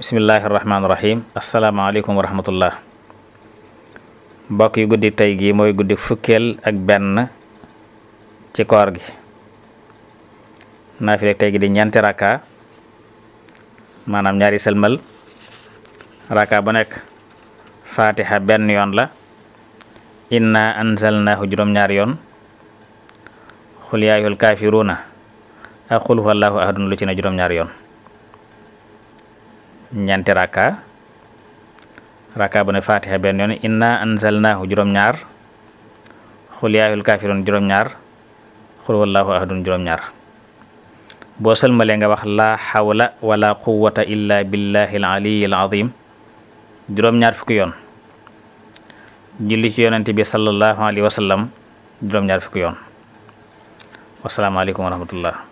bismillaahi rahmaani rahiim asalaamaaleykum wa rahmatullah mbokk yu guddi tey gi mooy guddi fukkeel ak benn ci koor gi naafile tey gi di ñeenti raka maanaam ñaari sëlmal raka bu nekk fatiha benn yoon la inna anzalnaahu juróom ñaar yoon xul yaayul kaafiruuna ak xul huwallaahu ahadun lu ci ne juróom-ñaari yoon ñeenti rakka rakka bu ne fatiha benn yoon inna anzalnaahu juróom-ñaar xul yaayul juróom-ñaar xul wallahu ahadun juróom-ñaar boo sëlmalee nga wax laa xawla wala quwata illa billahi al aliyi al juróom-ñaar fukki yoon julli ci yonente bi sallallahu alayhi wa juróom-ñaar fukki yoon wasalaamaaleykum wa rahmatullah